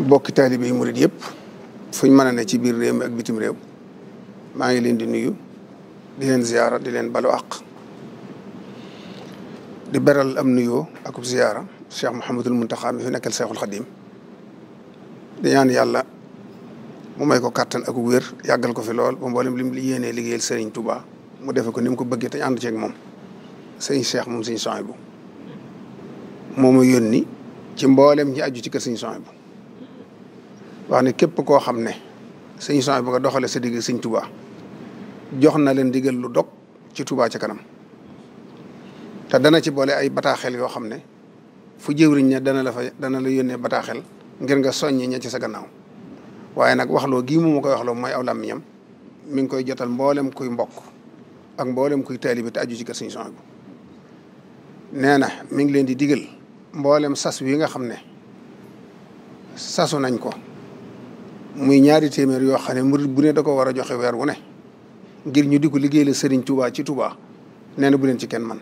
bokki taalibe mu murit yëpp fuñ mën a ne ci biir réew mi ak réew maa ngi leen di nuyu di leen ziyaara di leen balu àq di beral am nuyoo akub ziyaara Cheikh Mouhamadul Mountakha mi fi nekkal Cheikhul Khadim di ñaan yàlla mu may ko kàttan ak wér yàggal ko fi lool ba mboolem lim li yéenee liggéeyal Serigne Touba mu defe ko nim ko bëggee te ñu ànd ceeg moom sëñ Cheikh moom sëñ Souhaïbou moo mu yónni ci mboolem ñi aju ci kër sëñ Souhaïbou wax ne képp koo xam ne sëñ Souhaïbou bu nga doxale sa digg sëñ Touba jox na leen digal lu dog ci Touba ci kanam te dana ci boole ay bataaxel yoo xam ne fu jëwriñ ne dana la fa dana la yónnee bataaxel ngir nga soññi ña ci sa gannaaw waaye nag waxloo gii mu ma koy waxloo mooy aw làmmiñam mi ngi koy jotal mboolem kuy mbokk ak mboolem kuy taalibe te aju ci kër sëñ Souhaïbou nee na mi ngi leen di digal mboolem sas wi nga xam ne sasu nañ ko muy ñaari téeméer yoo xam ne murid bu ne da ko war a joxe weer wu ne ngir ñu di ko liggéeyal Serigne Touba ci Touba nee na bu leen ci kenn man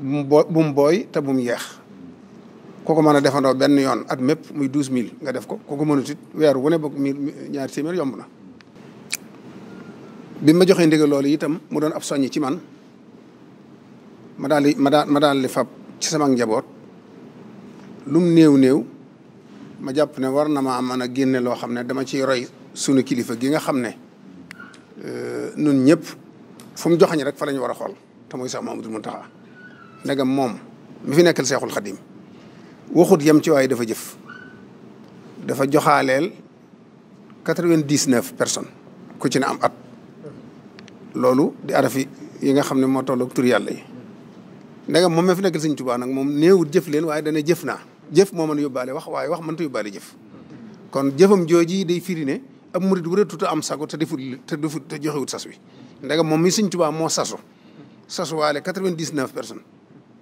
bu mu booy bu mu te bu mu yeex ku ko mën a defandoo benn yoon at mépp muy douze mille nga def ko ku ko mënut weer wune ne boog mi ñaari téeméer yomb na. bi ma joxee ndigal loolu itam mu doon ab soññi ci man ma daal di ma daal ma fab ci sama njaboot lum néew néew. ma jàpp ne war na maa mën a génne loo xam ne dama ciy roy sunu kilifa gi nga xam ne euh, nun ñëpp fu mu joxañ rek fa la ñu war a xool te muy sax Mamadou Mountakha ndegam moom mi fi nekkal Seexul Xadim yem ci waaye dafa jëf dafa joxaaleel quatre-vingt-dix-neuf personnes ku ci ne am at loolu di arafi yi nga xam ne moo tolloog tur yàlla yi moom mi fi nekkal Sëñ Tuubaa nag moom néewut jëf leen waaye dana jëf naa jëf moo mën a yóbbaale wax waaye wax mënta yóbbaale jëf kon jëfam jooji day firi ne ab murid wëratut a am sago te defut te defut te joxewut sas wi ndegam moom mi Sëñ Tuubaa moo sasu sasuwaale quatre-vingt-dix-neuf personnes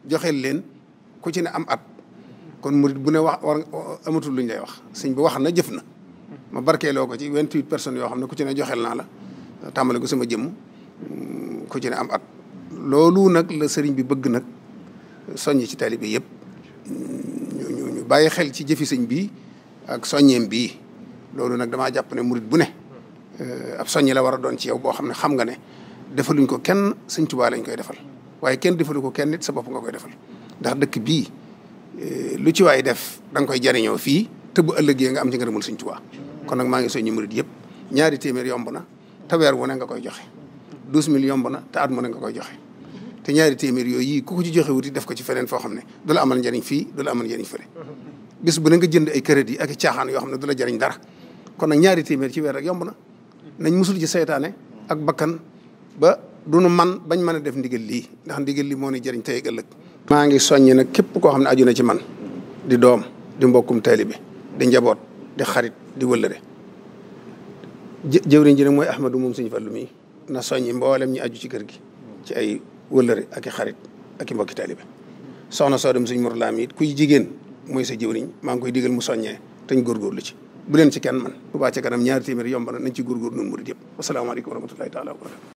joxeel leen ku ci ne am at kon murid bu ne wax war amatul lu lay wax sëñ bi wax na jëf na ma barkeeloo ko ci vingt-huit personnes yoo xam ne ku ci ne joxeel naa la tàmbale ko sama jëmm ku ci ne am at loolu nag la sëriñ bi bëgg nag soññ ci taalibe yëpp bàyyi xel ci jëfi sëñ bi ak soññeem bi loolu nag damaa jàpp ne murit bu ne euh, ab soññi la war a doon ci yow boo xam ne xam nga ne defaluñ ko kenn sëñ Tuubaa lañ koy defal waaye kenn defalu ko kenn nit sa bopp nga koy defal ndax dëkk bii euh, lu ci waay def da nga koy jariñoo fii te bu ëllëgee nga am ci ngërëmul sëñ Tuubaa kon nag maa ngi soññi murit yëpp ñaari téeméer yomb na te weer wu nga koy joxe douze mille yomb na ta at mu nga koy joxe te ñaari téeméer yooyu ku ko ci joxe wuti def ko ci feneen foo xam ne du la amal njariñ fii du la amal njariñ fële bis bu ne nga jënd ay crédit ak i caaxaan yoo xam ne du la jariñ dara kon nag ñaari téeméer ci weer rek yomb na nañ musul ci saytaane ak bakkan ba duñu man bañ mën a def ndigal lii ndax ndigal lii moo ni jëriñ tey ëllëg maa ngi soññ nag képp koo xam ne aju na ci man di doom di mbokkum taalibe di njaboot di xarit di wëllëre jëwriñ ji nag mooy Ahmadu moom Sëñ Fallu mii na soññi mboolem ñi aju ci kër gi ci ay wëllëre ak i xarit ak i mbokki taalibe soxna soo dem suñ morlaam it kuy jigéen mooy sa jëwriñ maa ngi koy digal mu soññee te ñu góorgóorlu ci bu leen ci kenn man Touba ca kanam ñaari téeméer yomb na nañ ci góorgóor noonu murid yëpp wasalaamaaleykum wa rahmatullahi taala wa barakatu